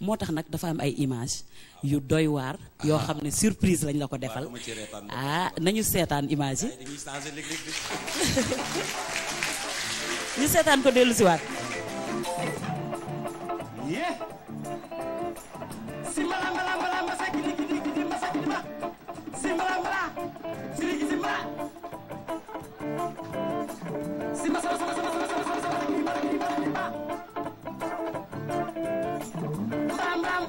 moo tax nag dafa am ay image yu doy waar yoo ah. xam ne surprise lañ la ko defal ah nañu seetaan image yi ñu seetaan ko dellu si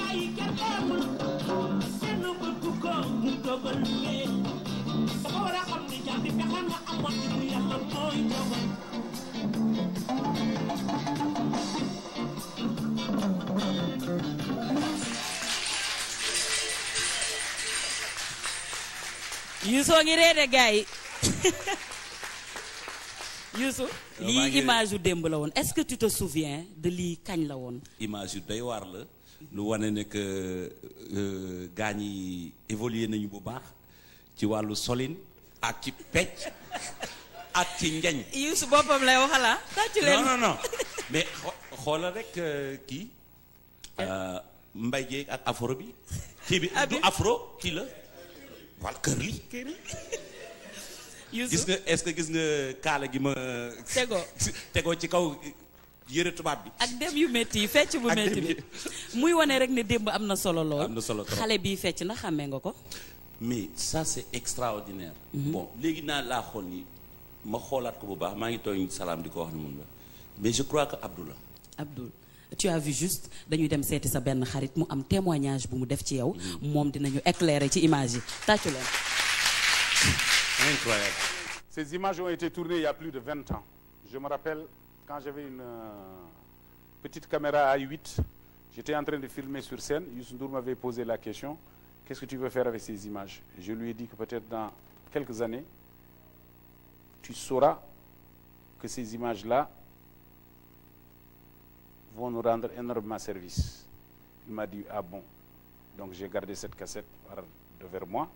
jaayi kenn amul ngi reede gars yi lii image yu démb la woon est-ce que tu te souviens de lii kañ la woon image yu doy waar la lu wane ne que euh, gaañ yi évolué nañu bu baax ci wàllu solin ak ci pecc ak ci njañ. Youssou boppam lay waxala ah? tàccu leen mais xoolal rek euh, kii ah. euh, mbay jeeg ak afro bi. kii bi ah, du afro kii la wal kër li gis nga est-ce que gis na kaala gi ma. tegoo tegoo ci kaw. yëre tubaab bi. ak dem yu métti yi fecc bu métti bi muy wone rek ne démb am na solo lool. solo xale bii fecc na xàmmee nga ko. mais ça c'est extraordinaire. Mhm. bon léegi naa laa xool nii ma xoolaat ko bu baax maa ngi tooñ salaam di ko wax ne moom la mais je crois que Abdoula. Abdoul tu as vu juste dañuy dem seeti sa benn xarit mu am témoignage bu mu def ci yow. Mhm. moom dinañu éclairer ci image yi tàccu leen. incroyable. ces images ont été tournées il a plus de vingt ans je me rappelle. quand j'avais une euh, petite caméra A8, j'étais en train de filmer sur scène, Youssou Ndour m'avait posé la question, qu'est-ce que tu veux faire avec ces images Je lui ai dit que peut-être dans quelques années, tu sauras que ces images-là vont nous rendre énormément service. Il m'a dit, ah bon. Donc j'ai gardé cette cassette par devers moi.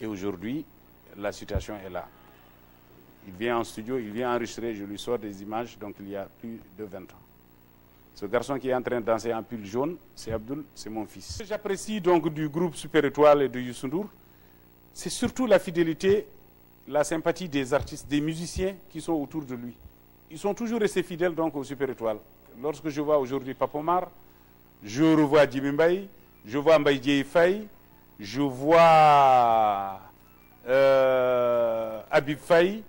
Et aujourd'hui, la situation est là. il vient en studio, il je lui sors des images, donc il y a plus de 20 ans. Ce garçon qui est en train de danser en pull jaune, c'est Abdul, c'est mon fils. j'apprécie du groupe Super et de Youssou c'est surtout la fidélité, la sympathie des artistes, des musiciens qui sont autour de lui. Ils sont toujours restés fidèles donc au Super Étoile. Lorsque je vois aujourd'hui Papomar, je revois Jimmy je vois Mbaye Faye, je vois euh, Habib Faye,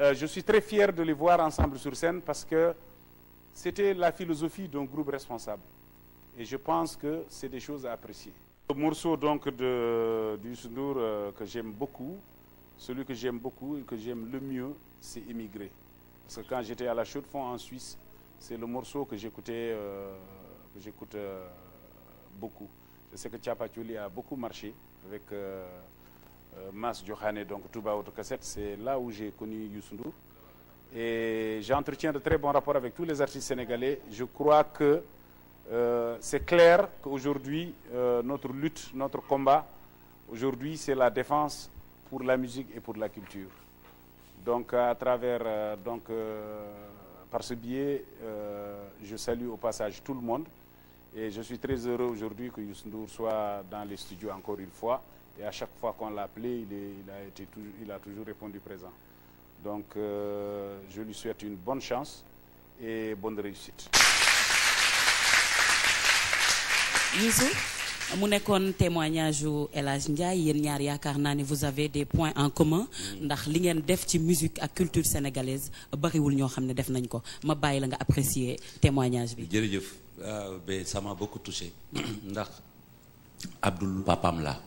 Euh, je suis très fier de les voir ensemble sur scène parce que c'était la philosophie d'un groupe responsable. Et je pense que c'est des choses à apprécier. Le morceau donc de, du Sundour euh, que j'aime beaucoup, que j'aime beaucoup et que j'aime le mieux, c'est Immigré. Parce que quand j'étais à la Chaux Fonds en Suisse, c'est le morceau que j'écoutais euh, que j'écoute euh, beaucoup. Je sais que Tchapatiouli a beaucoup marché avec euh, Euh, Mas Diokhane, donc Touba Autocassette, c'est là où j'ai connu Youssou Ndour. Et j'entretiens de très bons rapports avec tous les artistes sénégalais. Je crois que euh, c'est clair qu'aujourd'hui, euh, notre lutte, notre combat, aujourd'hui, c'est la défense pour la musique et pour la culture. Donc, à travers, euh, donc, euh, par ce biais, euh, je salue au passage tout le monde. Et je suis très heureux aujourd'hui que Youssou Ndour soit dans les studios encore une fois. Et chaque fois qu'on l'a appelé, il, est, il, a été toujours, il a répondu présent. Donc, euh, je lui souhaite une bonne chance et bonne réussite. mu nekkoon témoignage yu El Hadj yéen ñaar yaakaar naa ne vous des points en commun mm. ndax li ngeen def ci musique ak culture sénégalaise bariwul ñoo xam ne def nañ ko ma bàyyi la nga apprécier témoignage bi. jërëjëf euh, ba ça m'a beaucoup touché ndax Abdoul papaam la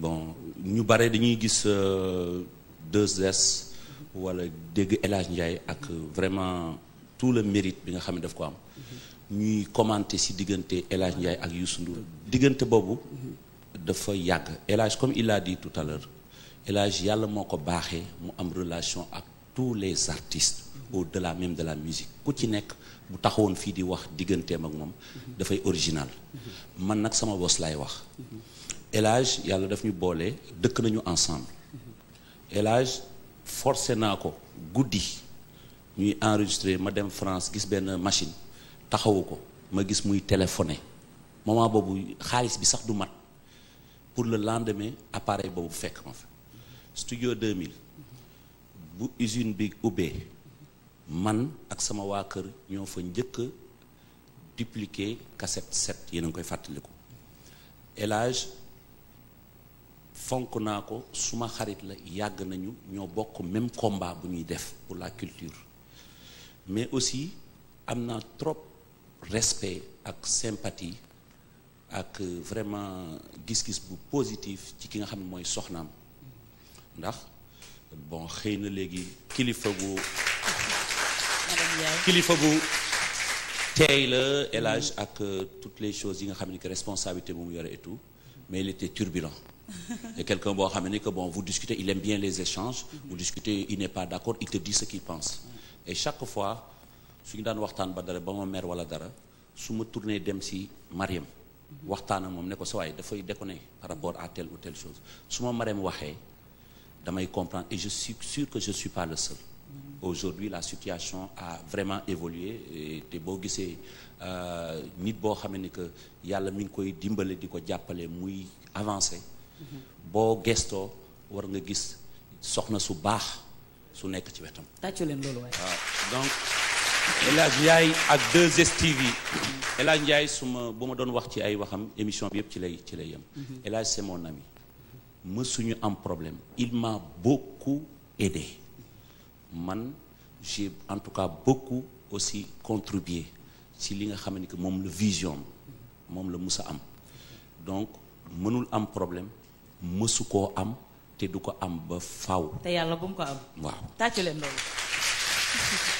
bon ñu bare dañuy gis 2S euh, wala dégg El Hadj Ndiaye ak vraiment tout le mérite bi nga xam ne daf ko am ñuy commenter si diggante El Hadj Ndiaye ak Youssou Ndour diggante boobu dafa yàgg El Hadj comme il l'a dit tout à l'heure El yàlla moo ko baaxee mu am relation ak tous les artistes de la même de la musique ku ci nekk bu taxawoon fii di wax digganteem ak moom dafay original man nag sama bos laay wax El yàlla daf ñu boole dëkk nañu ensemble El Hadj forcé naa ko guddi ñuy enregistré ma dem France gis benn machine taxawu ko ma gis muy téléphone moment boobu xaalis bi sax du mat pour le lendemain appareil boobu fekk ma fa studio 2000 bu usine bi ubbee man ak sama waa kër ñoo fa njëkk a dupliquer cassette 7 yéen koy fàttaliku El fonk naa ko suma xarit la yàgg nañu ñoo bokk même combat bu ñuy def pour la culture mais aussi am naa trop respect ak sympathie ak vraiment gis-gis bu positif ci ki nga xam ne mooy soxnaam ndax bon xëy na léegi kilifa gu kilifa gu teey la élage ak euh, toutes les choses yi nga xam ne que responsabilité bu mu yore et mais il était turbulent et boo xam ne que bon vous discutez il aime bien les échanges vous discutez il n'est pas d'accord il te dit ce qu'il pense et chaque fois suñu daan waxtaan ba dara ba ma mer wala dara su ma tourné dem si Mariam waxtaan ak moom ne ko sa waay dafay déconner par rapport à telle ou telle chose su ma Mariam waxee damay comprendre et je suis sûr que je suis pas le seul aujourd'hui la situation a vraiment évolué te boo gisee euh, nit boo xam ne que yàlla mi ngi koy dimbale di ko jàppale muy avancé boo gestoo war nga gis soxna su baax su nekk ci wetam. tàccu leen loolu waaye. donc El Ndiaye ak 2STV yi El Hadj su ma bu ma doon wax ci ay waxam émission bi yëpp ci lay ci lay yem. Mhm. El Hadj c'est mon ami. mësuñu am problème il m'a beaucoup aidé man j'ai en tout cas beaucoup aussi contribuer ci li nga xam ne que moom la vision moom la musa am donc mënul am problème. mësu koo am te du ko am ba faw te yàlla bu mu ko am waaw tàccu leen loolu